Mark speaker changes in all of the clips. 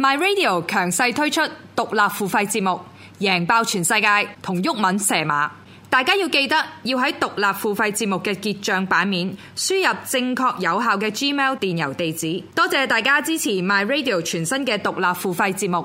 Speaker 1: My Radio 強勢推出獨立付費節目，贏爆全世界同毓民蛇馬。大家要記得要喺獨立付費節目嘅結帳版面輸入正確有效嘅 Gmail 電郵地址。多謝大家支持 My Radio 全新嘅獨立付費節目。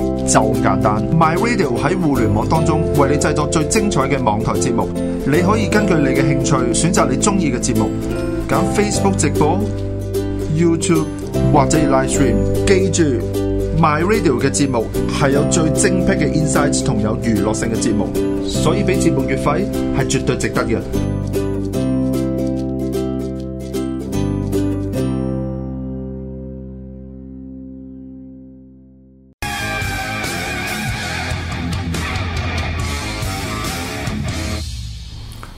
Speaker 2: 就咁簡單，My Radio 喺互聯網當中為你製作最精彩嘅網台節目，你可以根據你嘅興趣選擇你中意嘅節目，揀 Facebook 直播、YouTube 或者 Live Stream。記住，My Radio 嘅節目係有最精闢嘅 insights 同有娛樂性嘅節目，所以俾節目月費係絕對值得嘅。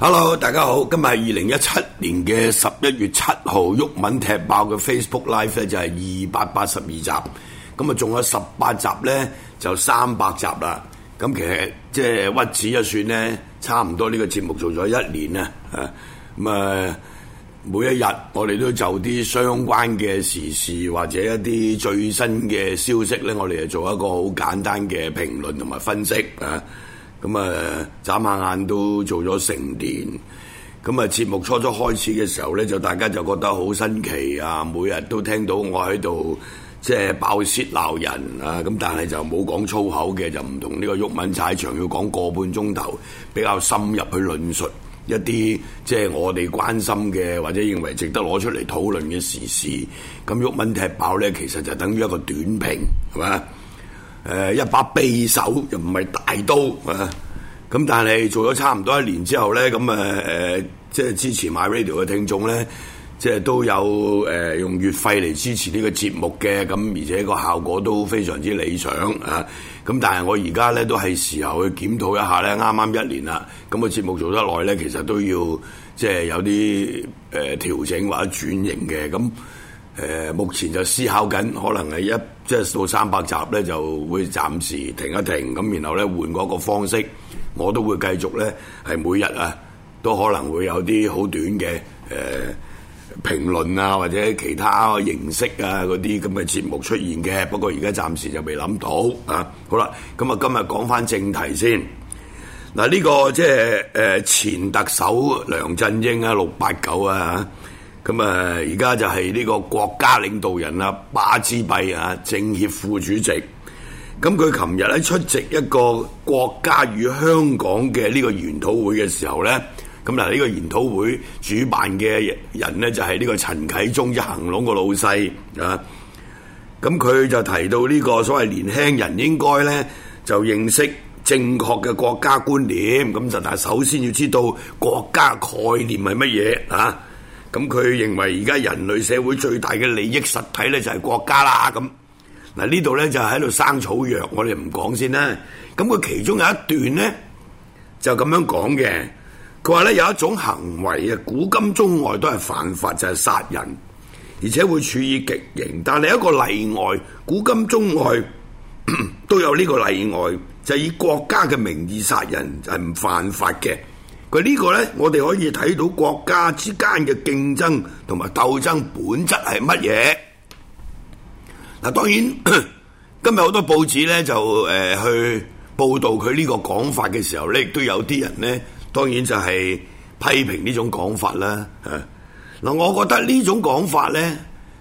Speaker 3: Hello，大家好，今日係二零一七年嘅十一月七號，毓民踢爆嘅 Facebook Live 咧，就係二百八十二集，咁啊，仲有十八集咧，就三百集啦。咁其實即係屈指一算咧，差唔多呢個節目做咗一年啦。啊，咁啊，每一日我哋都就啲相關嘅時事或者一啲最新嘅消息咧，我哋就做一個好簡單嘅評論同埋分析啊。咁啊、嗯，眨下眼都做咗成年。咁、嗯、啊，節目初初開始嘅時候呢，就大家就覺得好新奇啊！每日都聽到我喺度即係爆舌鬧人啊，咁但係就冇講粗口嘅，就唔同呢個毓民踩場要講個半鐘頭，比較深入去論述一啲即係我哋關心嘅或者認為值得攞出嚟討論嘅時事。咁毓民踢爆呢，其實就等於一個短評，係嘛？誒、呃、一把匕首又唔係大刀啊！咁但係做咗差唔多一年之後咧，咁誒誒即係支持 MyRadio 嘅聽眾咧，即係都有誒、呃、用月費嚟支持呢個節目嘅，咁而且個效果都非常之理想啊！咁但係我而家咧都係時候去檢討一下咧，啱啱一年啦，咁、那個節目做得耐咧，其實都要即係有啲誒調整或者轉型嘅，咁誒、呃、目前就思考緊可能係一。即係到三百集咧，就會暫時停一停咁，然後咧換過個方式，我都會繼續咧係每日啊，都可能會有啲好短嘅誒評論啊，或者其他形式啊嗰啲咁嘅節目出現嘅。不過而家暫時就未諗到啊。好啦，咁啊，今日講翻正題先。嗱、啊，呢、呢個即係誒、呃、前特首梁振英啊，六八九啊。咁啊，而家就係呢個國家領導人啊，巴志弼啊，政協副主席。咁佢琴日喺出席一個國家與香港嘅呢個研討會嘅時候咧，咁嗱呢個研討會主辦嘅人咧就係呢個陳啟宗啊，恒隆個老細啊。咁佢就提到呢個所謂年輕人應該咧就認識正確嘅國家觀念，咁就但係首先要知道國家概念係乜嘢啊？咁佢認為而家人類社會最大嘅利益實體咧就係國家啦。咁嗱呢度咧就喺度生草藥，我哋唔講先啦。咁佢其中有一段咧就咁樣講嘅，佢話咧有一種行為啊，古今中外都係犯法，就係殺人，而且會處以極刑。但係一個例外，古今中外都有呢個例外，就係以國家嘅名義殺人就係唔犯法嘅。佢呢個呢，我哋可以睇到國家之間嘅競爭同埋鬥爭本質係乜嘢？嗱，當然今日好多報紙呢就誒、呃、去報導佢呢個講法嘅時候呢，亦都有啲人呢，當然就係批評呢種講法啦。嗱、啊，我覺得呢種講法呢，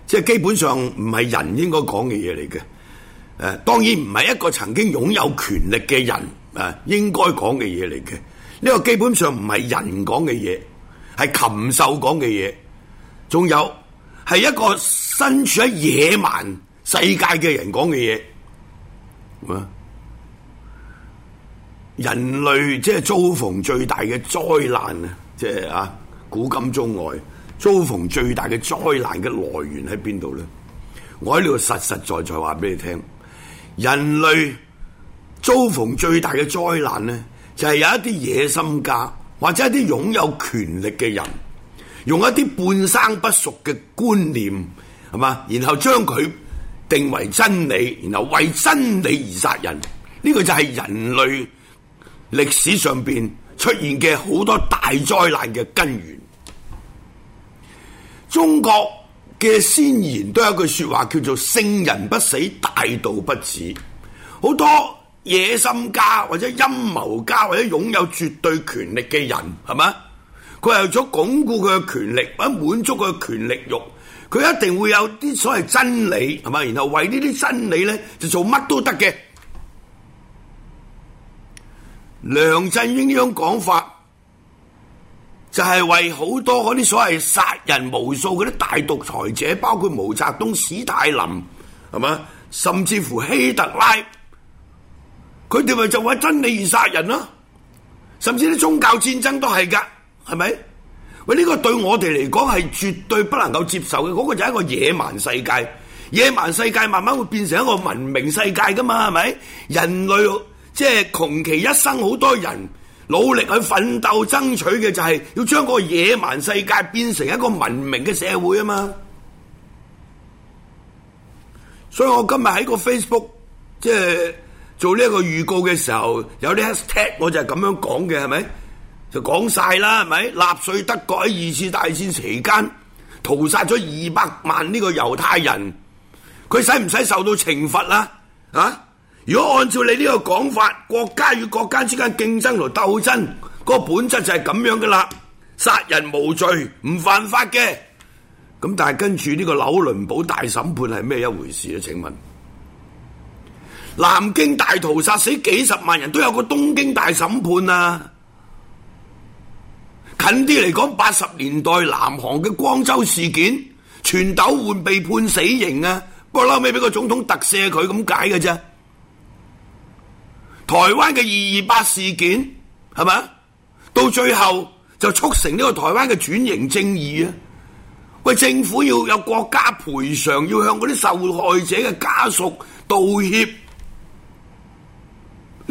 Speaker 3: 即係基本上唔係人應該講嘅嘢嚟嘅。誒、啊，當然唔係一個曾經擁有權力嘅人啊應該講嘅嘢嚟嘅。呢個基本上唔係人講嘅嘢，係禽獸講嘅嘢，仲有係一個身處喺野蠻世界嘅人講嘅嘢。啊！人類即係遭逢最大嘅災難啊！即係啊，古今中外遭逢最大嘅災難嘅來源喺邊度咧？我喺呢度實實在在話俾你聽，人類遭逢最大嘅災難咧，就係有一啲野心家或者一啲擁有權力嘅人，用一啲半生不熟嘅觀念係嘛，然後將佢定為真理，然後為真理而殺人，呢、這個就係人類歷史上邊出現嘅好多大災難嘅根源。中國嘅先賢都有句說話叫做聖人不死，大道不止，好多。野心家或者陰謀家或者擁有絕對權力嘅人係嘛？佢為咗鞏固佢嘅權力或者滿足佢嘅權力慾，佢一定會有啲所謂真理係嘛？然後為呢啲真理咧就做乜都得嘅。梁振英呢種講法就係為好多嗰啲所謂殺人無數嗰啲大獨裁者，包括毛澤東、史泰林係嘛，甚至乎希特拉。佢哋咪就為真理而殺人咯，啊，甚至啲宗教戰爭都係噶，係咪？喂，呢，這個對我哋嚟講係絕對不能夠接受嘅，嗰，那個就係一個野蠻世界。野蠻世界慢慢會變成一個文明世界噶嘛，係咪？人類即係窮其一生，好多人努力去奮鬥爭取嘅，就是，就係要將個野蠻世界變成一個文明嘅社會啊嘛。所以我今日喺個 Facebook 即、就、係、是。做呢一個預告嘅時候，有啲 hashtag 我就係咁樣講嘅，係咪？就講晒啦，係咪？納粹德國喺二次大戰期間屠殺咗二百萬呢個猶太人，佢使唔使受到懲罰啦？啊！如果按照你呢個講法，國家與國家之間競爭同鬥爭，個本質就係咁樣噶啦，殺人無罪唔犯法嘅。咁但係跟住呢個紐倫堡大審判係咩一回事呀？請問？.南京大屠殺死幾十萬人都有個東京大審判啊，近啲嚟講八十年代南韓嘅光州事件，全斗煥被判死刑啊，不過撈尾俾個總統特赦佢咁解嘅啫。台灣嘅二二八事件係咪？到最後就促成呢個台灣嘅轉型正義啊，喂政府要有國家賠償，要向嗰啲受害者嘅家屬道歉。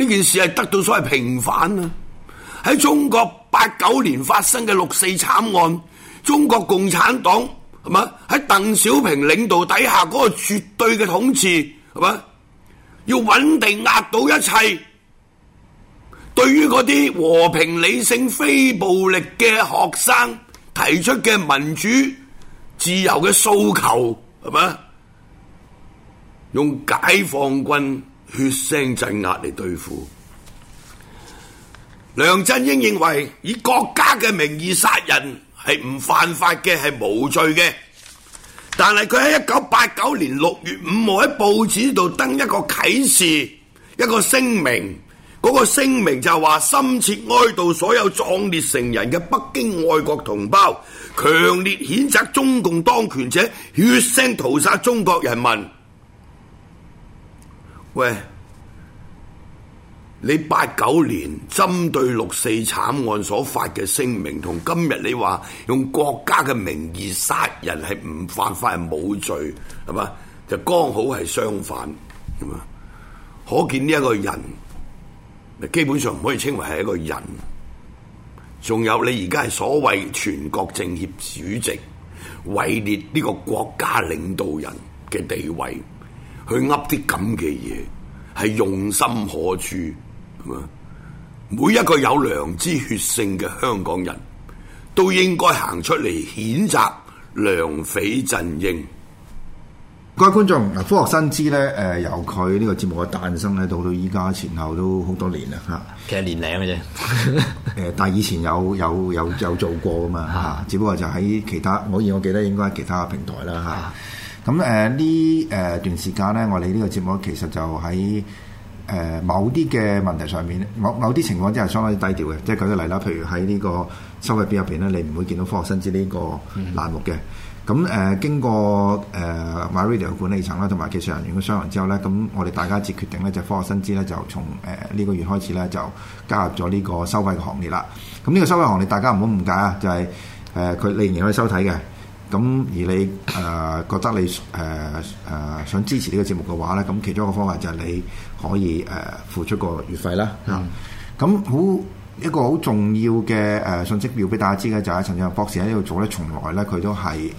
Speaker 3: 呢件事係得到所謂平反啊！喺中國八九年發生嘅六四慘案，中國共產黨係嘛，喺鄧小平領導底下嗰個絕對嘅統治係嘛，要穩定壓倒一切。對於嗰啲和平理性非暴力嘅學生提出嘅民主自由嘅訴求係嘛，用解放軍，血腥鎮壓嚟對付，梁振英認為以國家嘅名義殺人係唔犯法嘅，係無罪嘅。但係佢喺一九八九年六月五號喺報紙度登一個啟示，一個聲明。嗰、那個聲明就係話深切哀悼所有壯烈成人嘅北京愛國同胞，強烈譴責中共當權者血腥屠殺中國人民。喂，你八九年針對六四慘案所發嘅聲明，同今日你話用國家嘅名義殺人係唔犯法係冇罪係嘛？就剛好係相反，咁啊！可見呢一個人，基本上唔可以稱為係一個人。仲有你而家係所謂全國政協主席，位列呢個國家領導人嘅地位。佢噏啲咁嘅嘢，係用心可誅，每一個有良知、血性嘅香港人都應該行出嚟譴責梁匪振英。
Speaker 2: 各位觀眾，嗱，科學新知咧，誒、呃，由佢呢個節目嘅誕生咧，到到依家前後都好多年啦，吓。其實年零嘅啫。誒、 呃，但係以前有有有有做過噶嘛，吓， 只不過就喺其他，唔好意，我記得應該係其他嘅平台啦，吓。 咁誒呢誒段時間咧，我哋呢個節目其實就喺誒、呃、某啲嘅問題上面，某某啲情況真係相當之低調嘅。即係舉個例啦，譬如喺呢個收費表入邊咧，你唔會見到科學新知呢個欄目嘅。咁誒、嗯呃、經過誒 MyRadio、呃、管理層啦，同埋技術人員嘅商量之後咧，咁我哋大家一致決定咧，就是、科學新知咧就從誒呢、呃這個月開始咧就加入咗呢個收費嘅行列啦。咁呢個收費行列大家唔好誤解啊，就係誒佢仍然可以收睇嘅。咁而你誒、呃、覺得你誒誒、呃呃、想支持呢個節目嘅話咧，咁其中一個方法就係你可以誒、呃、付出個月費啦。 嗯，咁好。一個好重要嘅誒、呃、信息表俾大家知嘅就係、是、陳振博士喺呢度做咧，從來咧佢都係誒、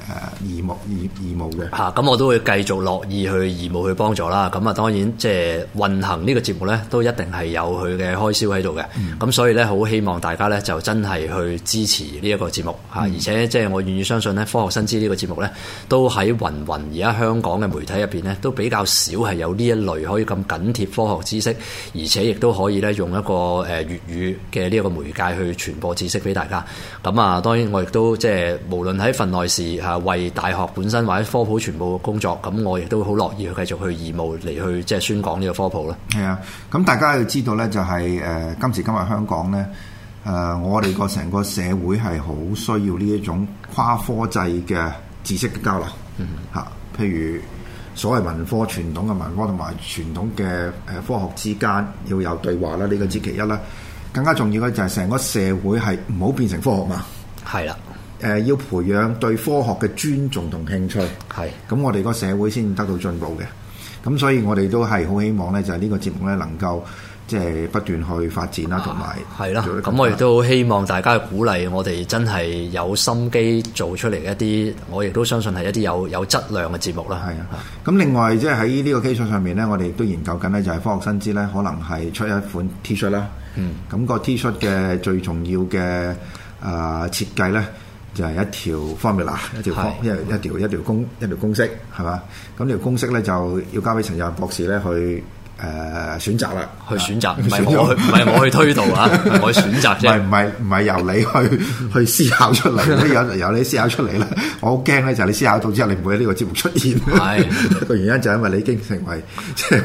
Speaker 2: 呃、義務義義務嘅
Speaker 1: 嚇。咁、啊、我都會繼續樂意去義務去幫助啦。咁啊，當然即係運行呢個節目咧，都一定係有佢嘅開銷喺度嘅。咁、嗯啊、所以咧，好希望大家咧就真係去支持呢一個節目嚇、啊。而且即係我願意相信咧，科學新知呢個節目咧，都喺芸芸而家香港嘅媒體入邊咧，都比較少係有呢一類可以咁緊貼科學知識，而且亦都可以咧用一個誒粵語嘅。呢一個媒介去傳播知識俾大家，咁啊，當然我亦都即係無論喺份內事啊，為大學本身或者科普全部工作，咁我亦都好樂意去繼續去義務嚟去即係宣講呢個科普
Speaker 2: 咧。係啊，咁大家要知道咧，就係、是、誒、呃、今時今日香港咧，誒、呃、我哋個成個社會係好需要呢一種跨科際嘅知識嘅交流，嚇、嗯，譬如所謂文科傳統嘅文科同埋傳統嘅誒科學之間要有對話啦，呢、這個只其一啦。嗯更加重要嘅就係成個社會係唔好變成科學嘛，係啦，誒要培養對科學嘅尊重同興趣，係咁，我哋個社會先得到進步嘅。咁所以，我哋都係好希望咧，就係呢個節目咧能夠即係不斷去發展啦，同埋係啦。咁我亦
Speaker 1: 都希望大家嘅鼓勵，我哋真係有心機做出嚟一啲，我亦都相信係一啲有有質量嘅節目啦。係啊，
Speaker 2: 咁另外即係喺呢個基礎上面咧，我哋亦都研究緊咧，就係科學新知咧，可能係出一款 T 恤啦。嗯，咁個 t 恤嘅最重要嘅誒設計咧，就係、是、一條 formula，一條方是，一條一條一條公一條公式係嘛？咁條公式咧，就要交俾陳日博士咧去。誒、呃，選擇啦， 去選擇，唔係我去，唔係選了 我去推導啊，我去選擇唔係唔係唔係由你去去思考出嚟，都有由你思考出嚟啦。我好驚咧就係你思考到之後，你唔會喺呢個節目出現。係 個 原因就係因為你已經成為即係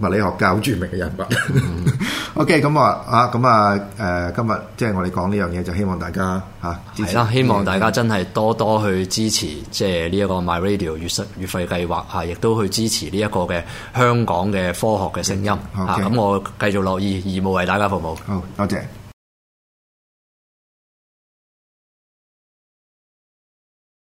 Speaker 2: 物理學家好著名嘅人物。 OK，咁啊啊，咁啊誒、啊啊，今日即係我哋講呢樣嘢，就希望大家。啊，係啦！
Speaker 1: 希望大家真
Speaker 2: 係多多去
Speaker 1: 支持，即係呢一個 My Radio 月費月費計劃，係、啊、亦都去支持呢一個嘅
Speaker 2: 香港嘅科學嘅聲音。嚇咁、嗯，okay. 啊、我繼續樂意義務為大家服務。好，
Speaker 3: 多謝。